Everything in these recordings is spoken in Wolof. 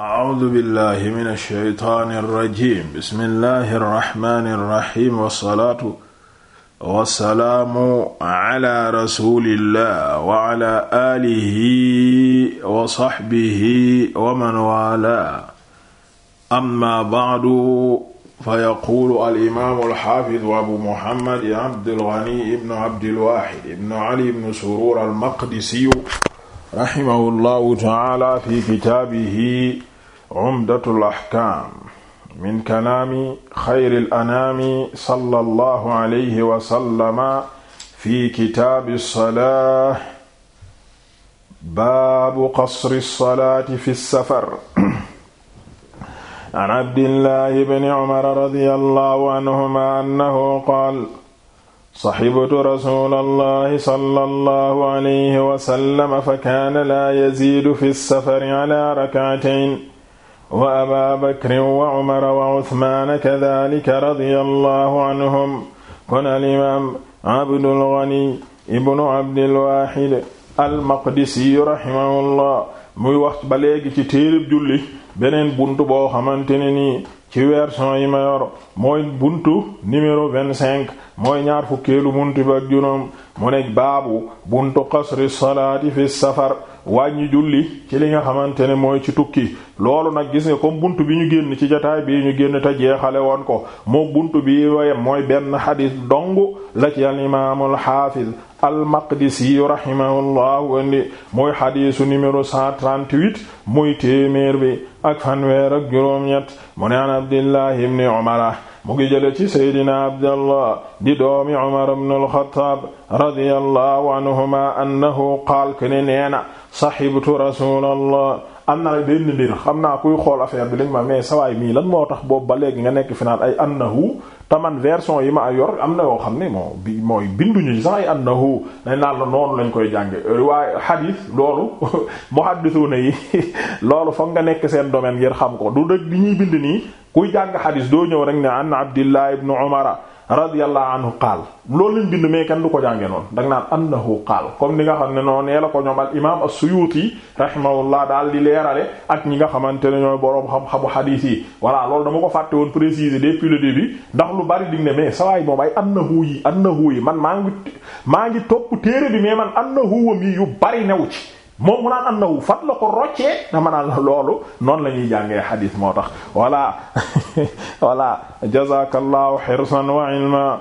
A'uuzu billahi mina shaytaani rajiim bismillahi rahmaani rahiim wasalaatu wasalaamu ala rasulillah wa ala aalihi wa saxbihi wa man waalaahu amma ba'du fayaquulu al-imaamu al-xaafidu abu muhammad Abdul Ghani ibnu Abdil Waahid ibnu Ali ibnu Suruur al-Maqdisiyu raximahu llahu ta'aala fi kitaabihi umdatul ahkaam min kalaami xayril anaami sallallahu alayhi wa sallama fi kitaabi salaa baabu qasri salaati fi safar. an abdillahi bni umar radiyallahu anhuma annahu qaal saxibtu rasuulallahi sallallahu alayhi wa sallama fa kaana laa yaziidu fi safari ala rak'atayn wa abaa bakrin wa umara wa usmaana kadalika radiyallahu anhum kon alimaam abdul ghani ibnu abdil waahid almaqdisi rahimahullah muy wax ba léegi ci téereb julli beneen buntu boo xamante ne nii ci version yi ma yor mooy buntu numéro vingt-cinq mooy ñaar fukkeelu buntu bi ak juróom mu nekk baabu buntu qasri salaati fi safar wàññi julli ci li nga xamante ne mooy ci tukki loolu nag gis nga comme buntu bi ñu génn ci jotaay bii ñu génn ta jeexale woon ko moo buntu bi woyem mooy benn xadis dong la ci al imaamul xaafiz al-Maqdisi rahimahullahu andi mooy xadisu numéro 138 muy téeméer bi ak fanweer ak juróom-ñett mu ne an Abdillahi ibn Umara mu ngi jële ci seydina abdallah di doomi umar ibn al-khattab radiyallahu anhuma annahu qaal kene neena sahibtu rasulallah am na benn mbir xam naa kuy xool affaire bi lañ ma mais sawaay mii lan moo tax boobu ba léegi nga nekk fi naan ay annahu taman version yi ma yor am na yoo xam ne moo mooy binduñu ci sax ay annahu dañ naan la noonu lañ koy jànge waaye xadiis loolu muhaddisuna yi loolu foog nga nekk seen domaine ngir xam ko du dëgg li ñuy bind nii kuy jàng xadis doo ñëw rek ne an abdillah ibnu umara radiyallahu anhu qaal loolu lañ bind mais kenn du ko jàngee noonu da nga naan annahu qaal comme ni nga xam ne noonu nee la ko ñoom al imaam as-Suyuti rahimahullah daal di leerale ak ñi nga xamante ne ñooy boroom xam-xamu xadiis yi voilà loolu dama ko fàtte woon préciser depuis le début ndax lu bari dig ne mais sawaay moom ay annahu yi annahu yi man maa ngi maa ngi topp téere bi mais man annahu wam yi yu bari new moom mu naan am la ko roccee dama naan loolu noonu la ñuy jàngee xadiis moo tax voilà voilà jazakallahu xirsan wa ilma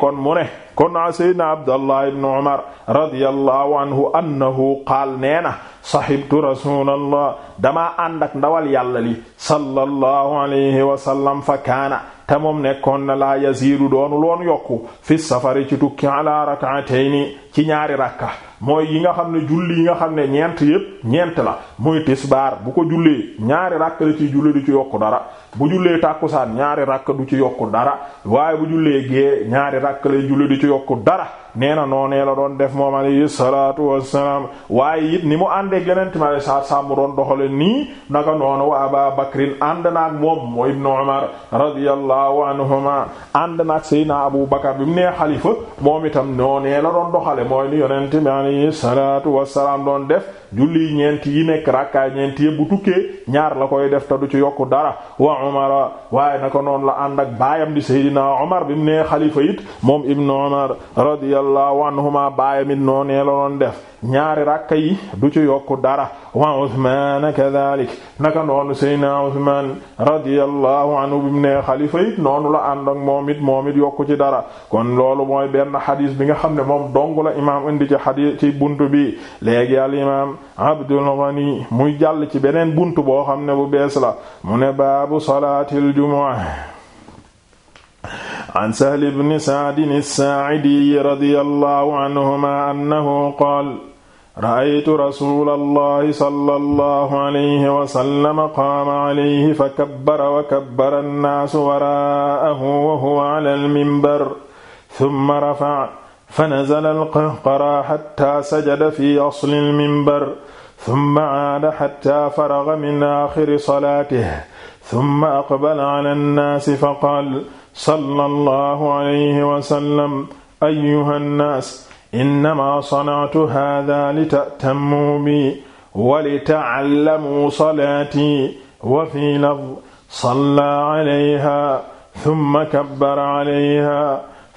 kon mu ne kon naa saydna abdallah ibn umar radiyallahu anhu annahu qaal nee na sahibtu rasulallah damaa ànd ndawal yàlla li sallallahu alayhi wa sallam fa kaana te moom nekkoon na laa yaziidu loon yokku fi safari ci tukki ala rak'atayni ci ñaari rakka mooy yi nga xam ne julli yi nga xam ne ñeent yépp ñeent la muy tisbaar bu ko jullee ñaari rakk la ci yokku dara bu jullee tàkkusaan ñaari rakk du ci yokku dara waaye bu jullee gée ñaari rakk lay julli du ci yokku dara nee na noonee la doon def moom alayhi salaatu wassalaam waaye it ni mu àndee yeneen timare saa saa mu doon doxale nii naka noonu wa Abaa Bakrin ànd naag moom mooy Ibnu Umar radiyallahu anhuma ànd naag Seydina Abu Bakar bi mu nee xalifa moom itam noonee la mooy li yonent bi alayhi salaatu wassalaam doon def julli ñeenti yi nekk rakkaay ñeenti yëpp bu tukkee ñaar la koy def te du ci yokku dara wa umara waaye naka noonu la ànd ak baayam di Seydina Omar bi mu nee xalifa it moom Ibn Omar radiyallahu anhuma baayam it noo nee la doon def ñaari rakka yi du ci yokku dara wa Usmaan kadhalik naka noonu Seydina Usmaan radiyallahu anhu bi mu nee xalifa it noonu la ànd moom it moom it yokku ci dara kon loolu mooy benn xadiis bi nga xam ne moom dong la imaam indi ci xadiis buntu bi léegi al imaam Abdul Ghani muy jàll ci beneen bunt boo xam ne bu bees la mu ne baabu salaatil jumaa an Sahl ibn Sa'd as-Saa'idi radiyallahu anhuma annahu qaala ra'aytu rasuulallahi sallallahu alayhi wa sallam qaama alayhi fa kabbara wa kabbara an-naasu waraa'ahu wa huwa ala al-minbar thumma rafa'a fa nazala alqahqara xatta sajada fi asli alminbar summa aada xatta faraga min axiri salaatihi summa aqbala ala annaasi fa qaal sallallahu alayhi wasallam ayyuha nnaas innama sanactu haada litatamuu bi walitaclamuu salaatii wa fii lafdin salla calayha summa kabbara calayha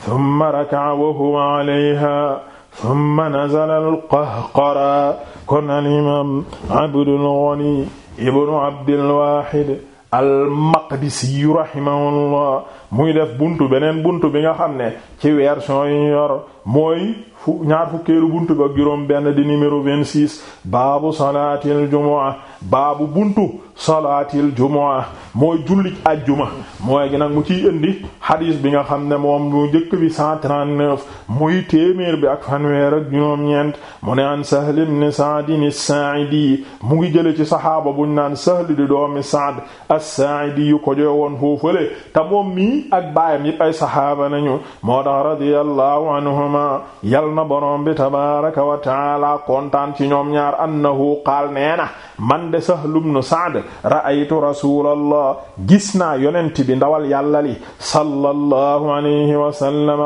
tumma raka'a wa huwa alayha tumma nazala al-qahqara kon al-imaam Abdul Ghani ibnu Abdil Waahid al-Maqdisi rahimahullah muy def buntu beneen buntu bi nga xam ne ci version yi ñu yor mooy fu ñaar fukkeelu buntu ba juróom benn di numéro 26 baabu salaatil jumu'a baabu buntu salaatil jumaa mooy jullit ajjuma mooy gi nag mu ci indi hadis bi nga xam ne moom mu njëkk bi 139 muy téeméer bi ak fanweer ak juróom-ñeent mu ne an Sahl ibn Sa'd as mu ngi jële ci saxaaba buñ naan Sahl di doomi Sa'd as-Sa'idi yu ko jooy woon foofale te moom mii ak baayam yépp ay saxaaba nañu moo tax radiyallahu anhuma yal na borom bi tabaraka wa kontaan ci ñoom ñaar annahu qaal nee man de Sahl ibn Sa'd ra'aytu rasulallah gis naa yonent bi ndawal yàlla li sallallahu alayhi wa sallam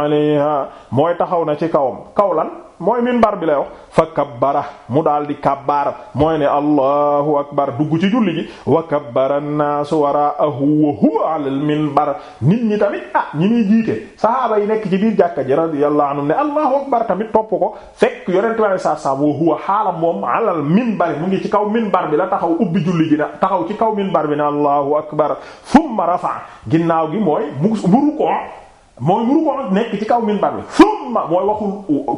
alayha mooy taxaw na ci kawam kaw lan mooy minbar bi lay wax fa kabbara mu daal di kabbaar mooy ne allahu akbar dugg ci julli ji wa kabbara an-naasu waraahu wa huwa ala al bar nit ñi tamit a ah, ñi muy jiite sahaaba yi nekk ci biir jàkka ji radiyallahu anhum ne allahu akbar tamit topp ko fekk yonent bi saa saa wa huwa xaala moom ala al-minbar mu ngi ci kaw minbar bi la taxaw ubbi julli ji na taxaw ci kaw bar bi ne allahu akbar thumma rafa ginnaaw gi mooy mu ruku mooy mu rukkoo nekk ci kaw minbar bi summa mooy waxul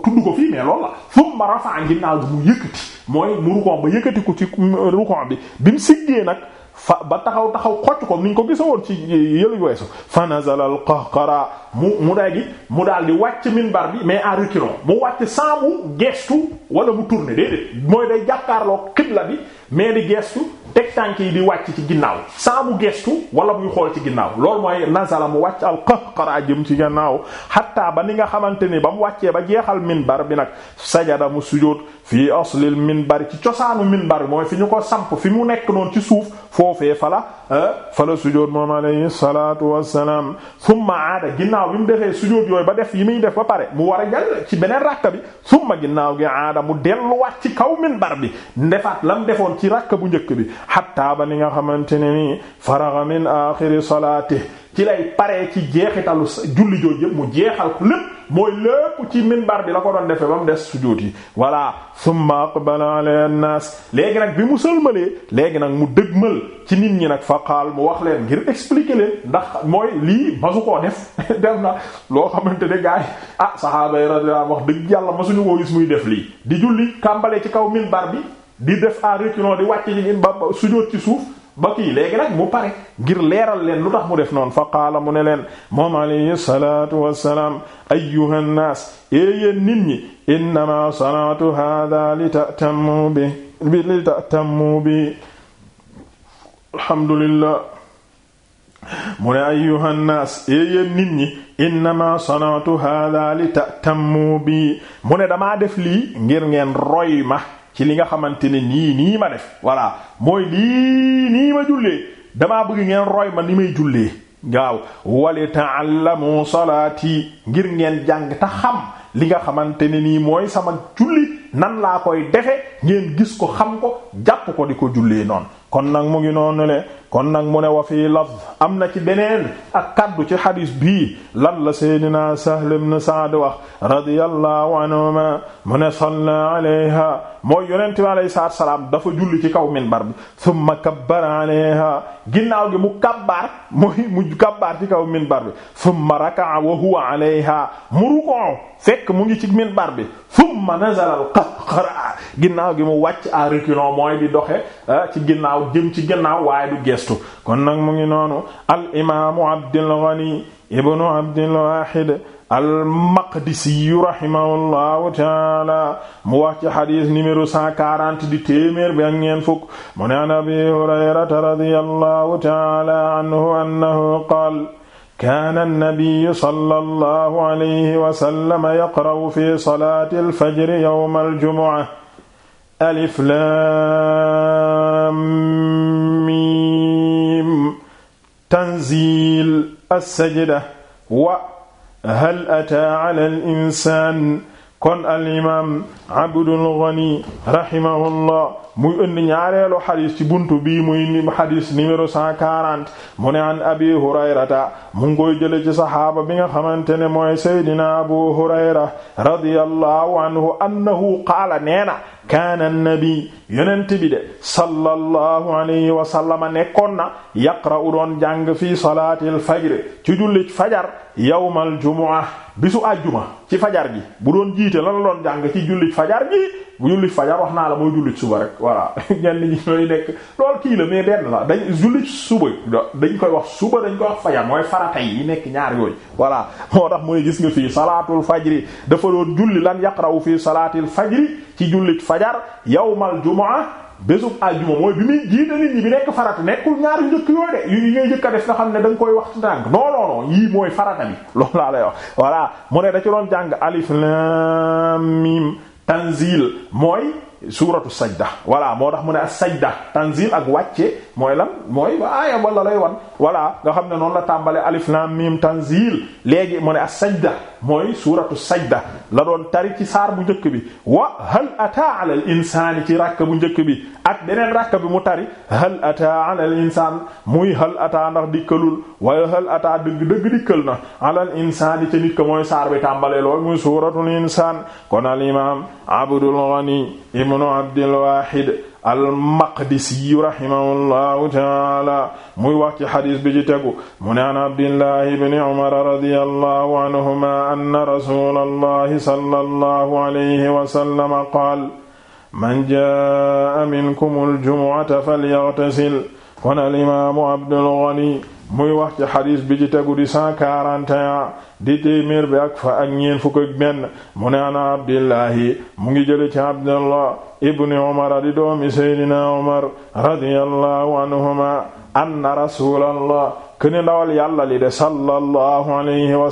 tudd ko fii mais loolu la summa rafaa ginnaaw bi mu yëkkati mooy mu rukkoo ba yëkkati ko ci rukkoo bi bi mu siggee nag fa ba taxaw taxaw xocc ko niñ ko gisa woon ci yëlu weesu fa nazala al mu mu day gi mu daal di wàcc minbar bi mais en reculant mu wàcc sans gestu wala mu tourner déedéet mooy day jàkkaarloo xibla bi mais di gestu teg tànk yi bi wàcc ci ginnaaw saabu mu gestu wala muy xool ci ginnaaw loolu mooy nasala mu wàcc al qahqara jëm ci ginnaaw xatta ba ni nga xamante ni ba mu wàccee ba jeexal minbar bi nag sajada mu sujjóot fii aslil minbar ci cosaanu minbar bi mooy fi ñu ko samp fi mu nekk noonu ci suuf foofee fala eh, fala sujjóot moom alayhi salatu wassalaam summa aada ginnaaw bi mu defee sujjóot yooyu ba def yi muy def ba pare mu war a jàll ci beneen rakka bi summa ginnaaw gi aada mu de ci kaw minbar bi ndefaat lam defoon ci rakka bu njëkk bi xatta ba ni nga xamante ne nii faraga min axiri salaati ci lay paree ci jeexitalu julli jooj yépp mu jeexal ko lépp mooy lépp ci minbar bi la ko doon defee ba mu des sujuut yi voilà summa aqbala ala nas léegi nag bi mu sëlmalee léegi nag mu dëgmal ci nit ñi nag fa qaal mu wax leen ngir expliquer leen ndax mooy lii masu koo def def na loo xamante ne gaay ah sahaaba yi radiyallahu wax dëgg yàlla masuñu koo gis muy def lii di julli kàmbalee ci kaw di def à reculons di wàcc ci ba suuf ba kii léegi nag mu pare ngir leeral leen lu tax mu def noon fa qaala mu ne leen moom alayhi salaatu wassalaam ayyuha nnaas yéen nit ñi innama sanaatu hada li tatammu bi bi bi alhamdulillah mu ne damaa def lii ngir ngeen roy ma ci li nga xamante ne nii nii ma def voilà mooy lii nii ma jullee damaa bëgg ngeen roy ma ni may jullee waaw wali ta'allamu salaati ngir ngeen jàng te xam li nga xamante ne nii mooy sama julli nan laa koy defe ngeen gis ko xam ko jàpp ko di ko jullee noonu kon nag mu ngi noonu le kon nag mu ne wa fii lafz am na ci beneen ak kaddu ci xadis bii lan la seydina Sahl ibn Sa'd wax radiyallahu anhuma mu ne salla alayha mooy yonente alayhi salaam dafa julli ci kaw minbar bi thumma kabbara alayha ginnaaw gi mu kabbaar mooy mu kabbaar ci kaw minbar bi thumma raka'a wa huwa alayha mu rukoo fekk mu ngi ci minbar bi thumma nazala al-qahqara ginnaaw gi mu wàcc à reculons mooy di doxe eh, ci ginnaaw gannaaw jëm ci gannaaw waaye du gestu kon nag mu ngi noonu al imaamu Abdul Ghani ibnu Abdul Wahid almaqdisiyu rahimahullahu taala mu wax ci xadis numéro 140 di téeméer bi ak ñeent fukk mu ne an abi hurayrata radiyallahu taala anhu annahu qaal kaana annabiyu sallallahu alayhi wa sallam yaqra'u fi salaati alfajri yawma aljumu'a alif laam xamiim tanziil as-sajda wa hal ataa ala al-insaan kon al imaam Abdul Ghani rahimahullah muy indi ñaareelu xadis ci buntu bii muy xadis numéro cent quarante mu ne an abi hurayrata mu koy jële saxaaba bi nga xamante ne mooy saydina abu hurayra radiyallahu anhu annahu qaala neena kaana nabi yonent bi de sallallahu alayhi wa sallama nekkoon na yaqra'u doon jàng fii salaatil fajr ci jullit fajar yawmal jumu'a bisu àjjuma ci fajar gi bu doon jiite lan la doon jàng ci jullit fajar gi bu jullit fajar wax naa la mooy jullit suba rek voilà ñenn ñi ñooy nekk lool kii la mais benn la dañ julli suba dañ koy wax suba dañ koy wax fajar mooy farata yi nekk ñaar yooyu voilà moo tax mooy gis nga fii salaatul fajri dafa doon julli lan yaqrawu fii salaatil fajri ci jullit fajar yawmal jumaa bésub àjjuma mooy bi muy jiite nit ñi bi nekk farata nekkul ñaari njëkk yooyu de yi ngay njëkk def nga xam ne dañ koy wax ci ndànk non non yii mooy farata bi loolu laa la wax voilà mu ne da ci doon jàng alif lam mim tanzil suuratu sajda voilà moo tax mu ne ak sajda tanzil ak wàcce mooy lan mooy ba aaya wala lay wan voilà nga xam ne noon la tàmbale alif lam mim tanzil léegi mu ne ak sajda mooy suuratu sajda la doon tari ci saar bu njëkk bi wa hal ata ala al ci ràkk bu njëkk bi ak beneen ràkk bi mu tari hal ata ala al insaan muy hal ata ndax dikkalul waaye hal ata dëgg dëgg dikkal na ala al insani ca nit ko mooy saar bi tàmbale lool muy suuratul insaan kon ibnu abdilwahid almaqdisiyu rahimahullahu taala muy wax ci xadis bi ci tegu mu ne an abdillahi bni umara radiyallahu anhuma anna rasulallahi sallallahu alayhi wasallama qaal man jaa minkum aljumuata falyaghtasil kon alimaamu abdul ghani muy wax ci bi ci tegu di cent quarante et di téeméer bi ak fa ak ñeen fukk ak benn mu ne ana abdillahi mu ngi jële ci abdullah ibni umar di doomi seydina umar radiyallahu anhuma anna rasulallah këni ndawal yàlla li de sallallahu alayhi wa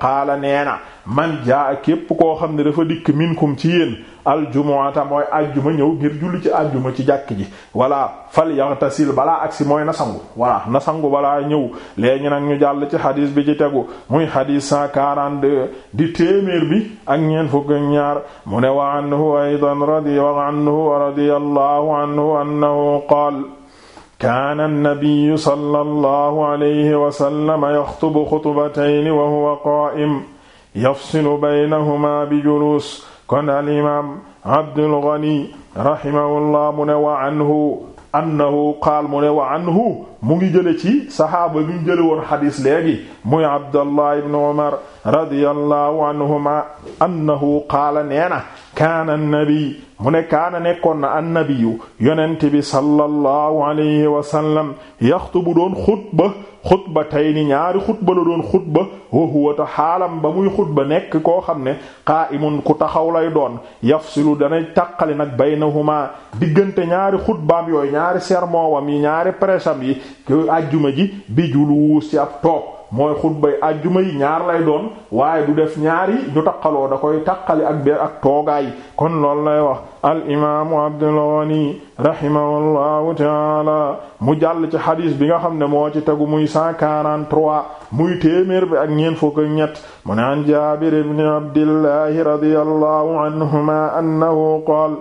qaala neena man jaa képp koo xam ne dafa dikk minkum ci yéen aljumuata mooy ajjuma ñëw ngir julli ci ajuma ci jàkk ji walla fal yaxtasil balaa agsi mooy na sangu walla na sangu balaa ñëw léegi nag ñu ci xadiis bi ci tegu muy xadiis 142 di téeméer bi ak ñeent fukk ñaar mu ne wa aydan radi wa anhu radiyallahu anhu annahu qaal kaana annabiyu sallallahu wa sallam yaxtubu xutbatayni wa qaa'im yafsilu baynahuma bi julus kon al imaam Abdul Ghani rahimahullah mu ne wa anhu annahu qaal mu ne wa anhu mu ngi jële ci saxaaba bi mu jële woon xadis léegi muy Abdallah ibn Umar radiyallahu anhuma annahu qaala nee na kaana annabi mu ne kaana nekkoon na annabiyu yonent bi sallallahu alayhi wa sallam yaxtubu doon xutba xutbatayni ñaari xutba la doon xutba wa huwa ta xaalam ba muy xutba nekk koo xam ne qaa'imun ku taxaw lay doon yafsilu danay taqali nag baynahuma diggante ñaari xutbaam yooyu ñaari sermon wam yi ñaari prêcham yi ku ajjuma ji bi ju wuus ci ab toog mooy xutbay ajjuma yi ñaar lay doon waaye du def ñaari ñu taqaloo da koy taqali ak be ak toogaay kon loolu lay wax al imaamu Abdul Ghani rahimahullahu taala mu jàll ci xadis bi nga xam ne moo ci tegu muy 143 muy téeméer bi ak ñeen fukk ak ñett mu ne an Jaabir ibn Abdillahi radiyallahu anhuma annahu qaala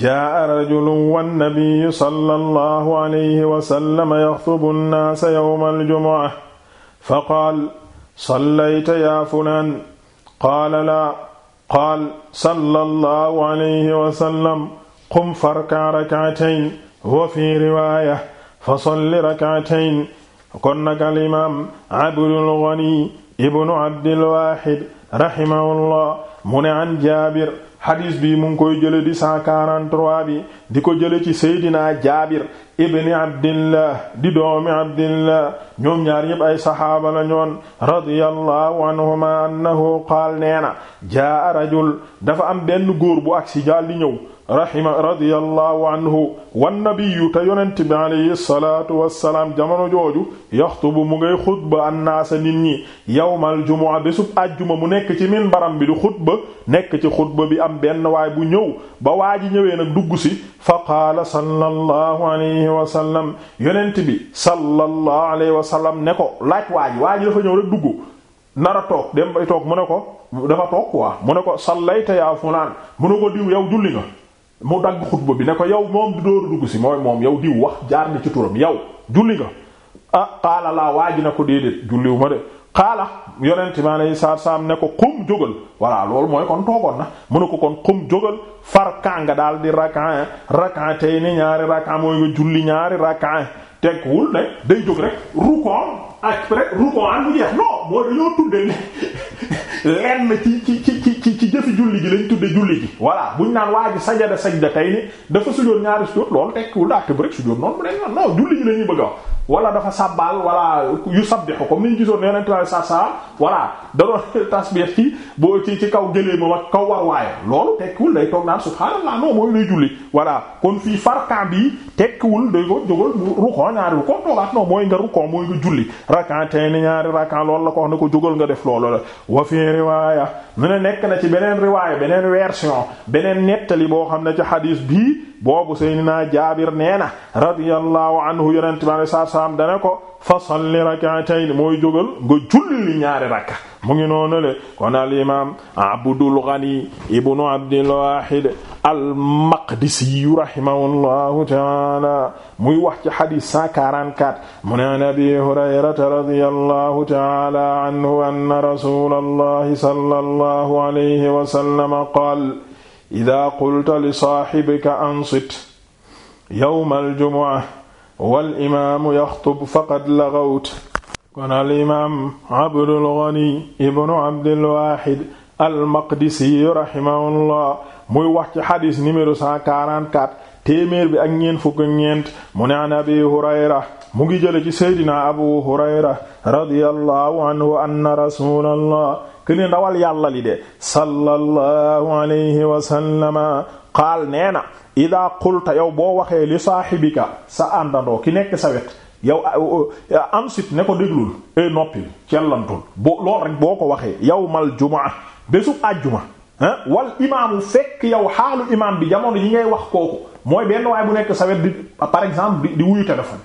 jaa rajulun wannabiyu sallallahu alayhi wa sallam yaxtubu nnaasa yawma aljumuca fa qaala sallayta yaa fulaan qaala laa qaal sallallahu alayhi wa sallam qum farkaa rak'atayn wa fi riwaaya fa salli rak'atayn kon nag al imaam Abdul Ghani ibnu Abdil Waahid rahimahullah mu ne an Jaabir xadis bi mu ngi koy jële di 143 bi di ko jële ci seydina jaabir ibni abdillah di doomi abdillah ñoom ñaar yépp ay saxaaba la ñoon radiyallahu anhuma annahu qaal nee na jaa rajul dafa am benn góor bu agsi daal di ñëw rahima radiyallahu wa wan nabiyyu te yonent bi alayhi salaatu wassalaam jamono jooju yaxtubu mu ngay xutba annaasa nit ñi yawmal jumu'a bésub àjjuma mu nekk ci minbaram bi di xutba nekk ci xutba bi am benn waay bu ñëw ba waa ji ñëwee nag dugg si fa qaala sallallahu alayhi wa yonent bi sallallahu alayhi wa sallam ne ko laaj waa ji waa dafa ñëw rek dugg nara toog dem bay toog mu ne ko dafa toog quoi mu ne ko sallayta yaa fulaan mu ne ko diw yow julli nga mu dagg xutba bi ne ko yow moom du dóor dugg si mooy moom yow diw wax jaar na ci turam yow julli nga a ah xaala laa waa ji na ko déedéet julliwu ma de xaala yonent mi alayhi salaatu salaam ne ko xum jógal voilà loolu mooy kon toogoon na mu ne ko kon kum jogal farkaa nga daal di rakaa rakaa tey ni ñaari rakaa mooy nga julli ñaari rakaa teg wul ne day jóg rek rukoon ak rek rukoon an bu jeex non mooy dañoo tudde lenn ci ci ci ci jëfi julli ji lañ tudde julli ji voilà buñ naan waa ji sajada sajdatayni dafa sujjóot ñaari sujjóot loolu tekkiwul acte bu rek sujjóot noonu mu leen non julli ji la ñuy a wax wala dafa sabbal wala boo ci ci kaw gëlee ma kaw war waaye loolu tekkiwul day toog naan subhaanallah non mooy lay julli voilà kon fii farkan bi tekkiwul day ko jógal rukon ñaari rukon toogaat non mooy nga rukon mooy nga julli rakan tey ni ñaari la ko wax ne ko nga def loolu la wa nekk na ci beneen riwaaya beneen version beneen nettali boo xam ne ci xadiis bii boobu Seydina Jaabir nee na radiyallahu anhu yonent bi alayhi salaam dana fa salli rak'atayn mooy jógal nga julli ñaari rakka mu ngi noonu le kon al Abdul Ghani ibnu Abdil Wahid al Maqdisi ta'ala muy wax ci hadith 144 mu ne an Abi Hurayrata radiyallahu ta'ala anhu anna rasulallahi sallallahu alayhi wa sallam ida qulta li saaxibika ansit yowma aljumuca walimaamu yaxtub faqad lagawt kon alimaam abdulgani ibnu abdilwaxid almaqdisi rahimahullah muy wax ci xadis numéro 144 téeméer bi ak ñeent fukk ñeent mu ne an abi hurayra mu ngi jële ci seydina abu hurayra radiyallahu anhu anna rasulallah këne ndawal yàlla li de sallallahu alayhi wa sallama qaal nee na ida qulta yow boo waxee li saahibika sa àndandoo ki nekk sawet wet yow eh, am sit ne ko déglul e noppil cellantul bo loolu rek boo ko waxee ma jumaa besu àjjuma ah wal imaamu fekk yow xaalu imaam bi jamono yi ngay wax kooku mooy benn waaye bu nekk sawet wet di par exemple di wuyu téléphone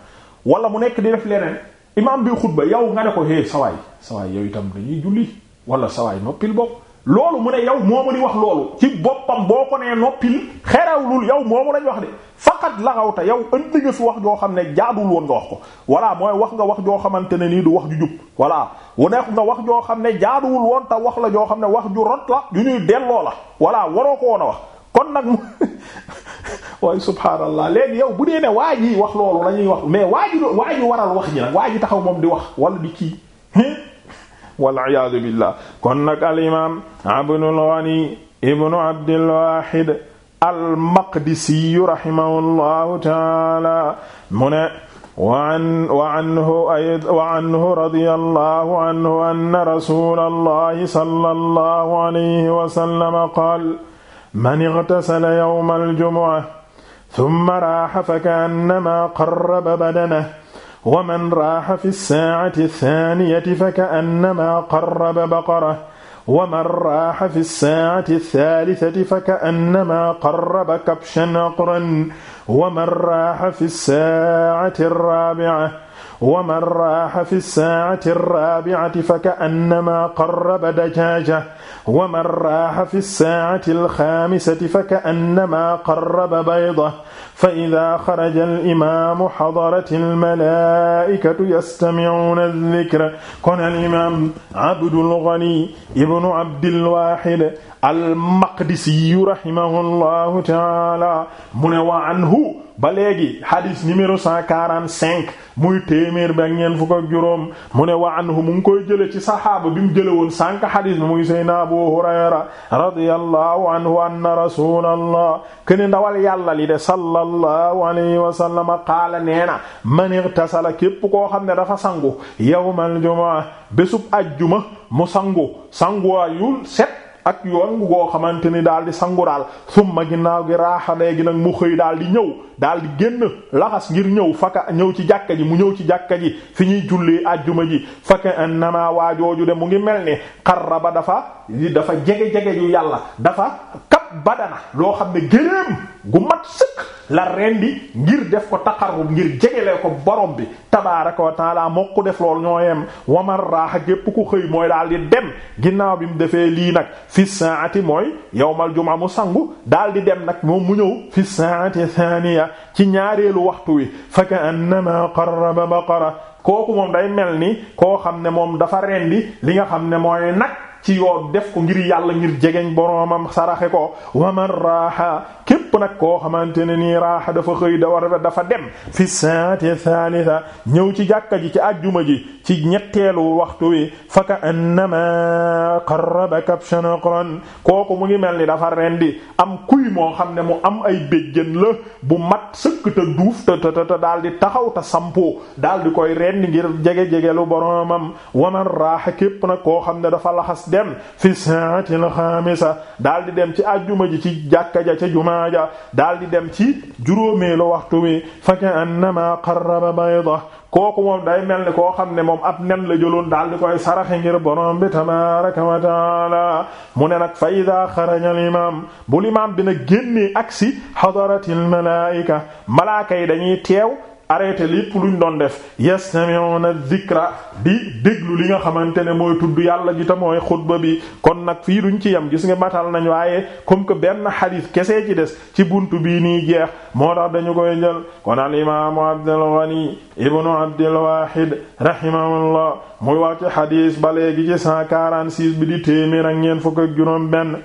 wala mu nekk di def leneen imaam bi xutba yow nga ne ko hé eh, sawaay sawaay yow itam dañuy julli wala sawaay noppil bopp loolu mu ne yow moomu di wax loolu ci boppam boo ko nee noppil xerawlul yow moomu lañ wax de faqat laxawta yow indi nga fi wax joo xam ne jaadul woon nga wax mooy wax nga wax joo xamante ne nii du wax ju jub voilà wu neex nga wax joo xam ne jaaduwul woon te wax la joo xam ne wax ju rot la ju ñuy delloo la voilà waroo ko woon a wax kon nag mu waaye subhaanallah léegi yow bu dee ne waa ji wax loolu la ñuy wax mais waa ji waa ji waral wax ji nag waa ji taxaw moom di wax wala di kii wal iyaadu billah kon nag al imaam Abdul Ghani ibnu Abdul Wahid al Maqdisi rahimahullahu taala mu ne waan waanhu ay waanhu radiyallahu anhu anna rasulallahi sallallahu alayhi wa sallam qaal man ightasala yawmal jumu'a thumma raaha fa ka'annamaa qarraba badanahu wa man raaxa fi saacati saaniyati fa ka'annamaa qarraba baqara wa man raaxa fi saacati saalisati fa ka'annamaa qarraba kabshan aqran wa man raaxa fi saacati raabi'a wa man raaxa fi saacati raabi'ati fakaannamaa qarraba dajaaja wa man raaxa fi saacati alxaamisati fakaannamaa qarraba bayda fa idaa xaraja alimaamu xadarati almalaa'ikatu yastamicuuna addikra kon alimaam Abdul Ghani ibnu Abdil Waahid almaqdisiyu rahimahu llahu taala mu ne wa anhu ba léegi hadith numéro cent quarante-cinq muy téeméer bi ak ñeent fukk juróom mu ne wa anhu mu ngi koy jële ci saxaaba bi mu jële woon sànq hadith bi muy sayna Abu Hurayra radiyallahu anhu anna rasulallah kene ndawal yàlla li de sallallahu alayhi wa sallam qaala nee na man irtasala képp koo xam ne dafa sangu yawmal jumaa bésub ajjuma mu sangu sanguwaayul set ak yoon goo xamante ni daal di sangu daal summa ginnaaw gi raaxa léegi nag mu xëy daal di ñëw daal di génn laxas ngir ñëw faka ñëw ci jàkka ji mu ñëw ci jàkka ji fi ñuy jullee àjjuma ji faka waa waajooju de mu ngi mel ni xarraba dafa dafa jege jege ju yàlla dafa badana loo xam ne gëléem gu mat sëkk la rendi ngir def ko taqarrub ngir jegelee ko borom bi tabaaraka wa taala moo ko def lool ñoo yem waman raaxa gépp ku xëy mooy daal di dem ginnaaw bi mu defee lii nag fi saati mooy yawmal jumaa mu sangu daal di dem nag moom mu ñëw fi saati thaniya ci ñaareelu waxtu wi fa ka annama qarraba baqara kooku moom day mel ni koo xam ne moom dafa rendi li nga xam ne mooy nag ci yoon def ko ngir yàlla ngir jegeñ boroomam saraxe ko waman raaha képp nag koo xamante ne nii raaha dafa xëy da war dafa dem fi saati thalitha ñëw ci jàkka ji ci àjjuma ji ci ñetteelu waxtu wi faka annama qarraba kabshan kooku mu ngi mel ni dafa rendi am kuy moo xam ne mu am ay béjjën la bu mat sëkk te duuf te te te daal di taxaw te sampoo daal di koy rendi ngir jege jegelu boroomam waman raaha képp nag koo xam ne dafa laxas dem fi sa'atil xaamisa daal di dem ci ajjuma ji ci jàkka ja ca jumaa ja di dem ci juróomeelu waxtu wi fa ka annama qarraba bayda kooku moom day mel ni koo xam ne moom ab nen la jëloon daal di koy saraxe ngir borom bi tabaraka wa taala mu ne nag fa ida xaraja al imam bu limaam dina génnee aksi hadaratil malaika malaaka yi dañuy teew arrêté lépp luñ doon def yastami'una dhikra di déglu li nga xamante ne mooy tudd yàlla ji te mooy xutba bi kon nag fii duñ ci yam gis nga matal nañ waaye comme que benn xadiis kese ci des ci bunt bii nii jeex moo tax dañu koy jël kon al imaamu Abdul Ghani ibnu Abdul Wahid rahimahullah muy wax ci xadiis ba léegi ci 146 bi di téeméer ak ñeent fukk ak juróom benn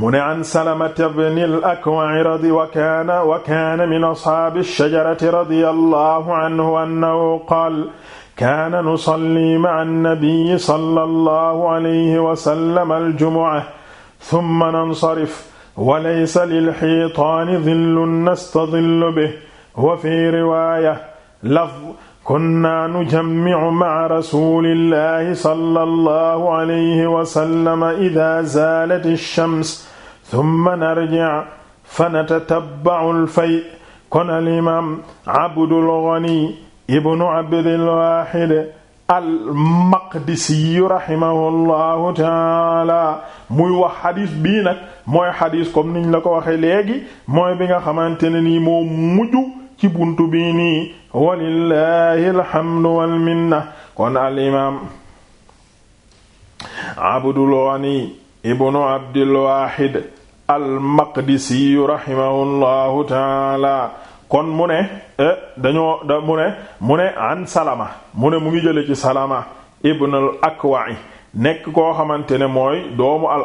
mu ne an salamata bni al akwa'i radi wa kaana wa kaana min ashaabi alshajarati radia allahu anhu annahu qaal kaana nusalli ma'a annabiyi sala allahu alayhi wasallam aljumu'a thumma nansarif wa laysa lilxiitaani dillun nastadillu bihi wa fi riwaaya lafz kunna nujammi'u ma'a rasulillahi sallallahu alayhi wa sallam idha zalat ash-shams thumma narji'u fanatatabba'u al-fay' kon al-imam Abdul Ghani ibnu Abdil Wahid al-Maqdisi rahimahullahu taala muy wax xadis bii nag mooy xadis comme niñ la ko waxee léegi mooy bi nga xamante ne nii moo mujj ci bunt bi nii walillahi alhamdu wal minna kon al abdul ghani ibnu abdul wahid al maqdisi rahimahullahu kon mu ne eh, dañoo mu ne mu ne mu ngi jële ci salama ibnu al nekk koo xamante ne mooy doomu al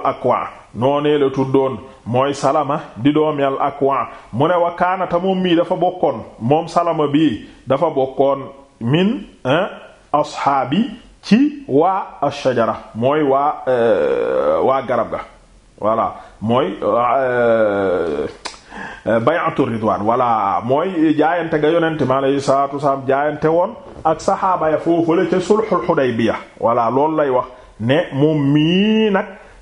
noonee tuddoon mooy salama di doomi al akwa mu ne wa kaanata moom mii dafa bokkoon moom salama bii dafa bokkoon min ashaabi ci waa ashajara mooy waa euh, waa garab ga voilà mooy euh, euh, bay'atu ridwaan voilà mooy jaayante ga yonente mi alayhi salaatu wasalaam jaayante woon ak saxaaba ya foofu la ca sulhul hudaybiya voilà loolu lay wax ne moom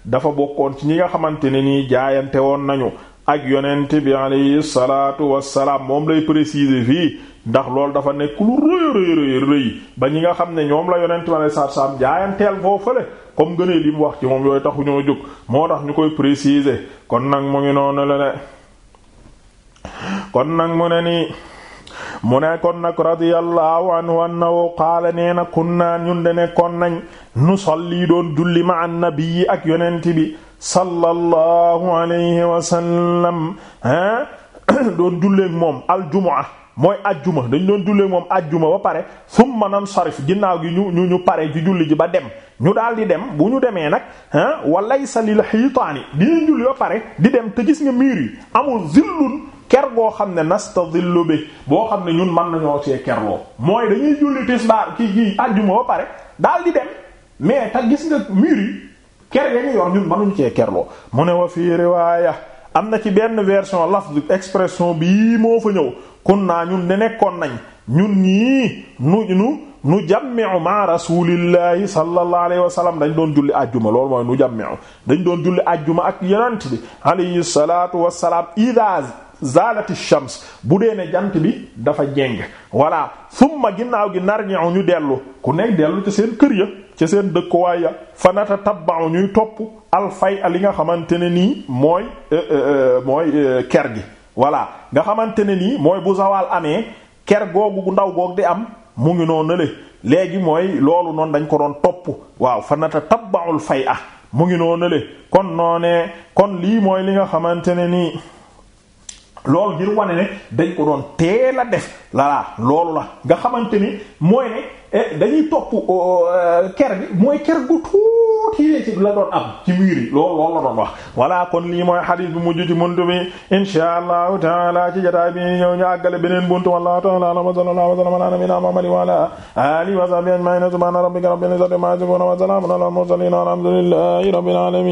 dafa bokkoon ci ñi nga xamante ne nii jaayante woon nañu ak yonent bi alayhi salaatu wassalaam moom lay préciser fii ndax loolu dafa nekk lu rëy rëy rëy ba ñi nga xam ne ñoom la yonent bi alayhi salaatu wassalaam jaayanteel foofale comme gënee li mu wax ci moom yooyu taxu ñoo jóg moo tax ñu koy préciser kon nag mu ngi noonu la ne kon nag mu ne nii mu ne kon nag radiyallahu anhu annahu qaala nee na kunna ñun de kon nañ nu sol lii doon julli ma annabi ak yonent bi sallallahu alayhi wa sallam ah doon julleek moom aljumaa mooy ajjuma dañ doon julleek moom ajjuma ba pare summa nansarif ginnaaw gi ñu ñu ñu pare ci julli ji ba dem ñu daal di dem bu ñu demee nag ah walaysa lil xiitaani dinañ julli ba pare di dem te gis nga miir yi amul zillun ker goo xam ne nastadillu bi boo xam ne ñun man nañoo see kerloo mooy dañuy julli tisbaar kii kii àjjuma ba pare daal di dem mais ta gis nga mur yi ker ya ñu yor ñun cee kerloo mu ne wa fii riwaaya am na ci benn version lafz expression bii moo fa ñëw kun naa ñun ne nekkoon nañ ñun ñii nu nu nu jàmmiu ma rasulillahi sallallahu alayhi wa sallam dañ doon julli ajjuma loolu mooy nu jàmmiu dañ doon julli ajjuma ak yonent bi alayhi salatu wasalaam idaaz zaalati shams bu dee ne jant bi dafa jeng voilà summa ginnaaw gi narñu ñu dellu ku nekk dellu ca seen kër ya ca seen dëkkuwaay ya fanata tabbaaw ñuy topp fay a li nga xamante ne nii mooy euh, euh, euh, mooy ker gi voilà nga xamante ne nii mooy bu zawal amee ker googu gu ndaw goog di am mu ngi noo le léegi mooy loolu noonu dañ ko doon topp waaw fanata tabbaul fay a mu ngi noonu le kon noonee kon lii mooy li nga xamante ne nii loolu ngir wane ne dañ ko doon teel a def laa loolu la nga xamante ni mooy ne eh, dañuy topp oh, eh, ker bi mooy ker gu tuuti ci la doon am ci miir yi loolu loolu la doon wax voilà kon lii mooy xadiis bi mujj ci muntu bi insha allahu taala ci jotaay bi ñëw ñu àggale beneen buntu wallahu taala alam wa sallallahu wa sallam ala nabina muhammadin wa ala alihi wa sahbihi ajma'in subhana rabbika rabbil izzati amma yasifun wa salamun ala al mursalin walhamdulillahi rabbil alamin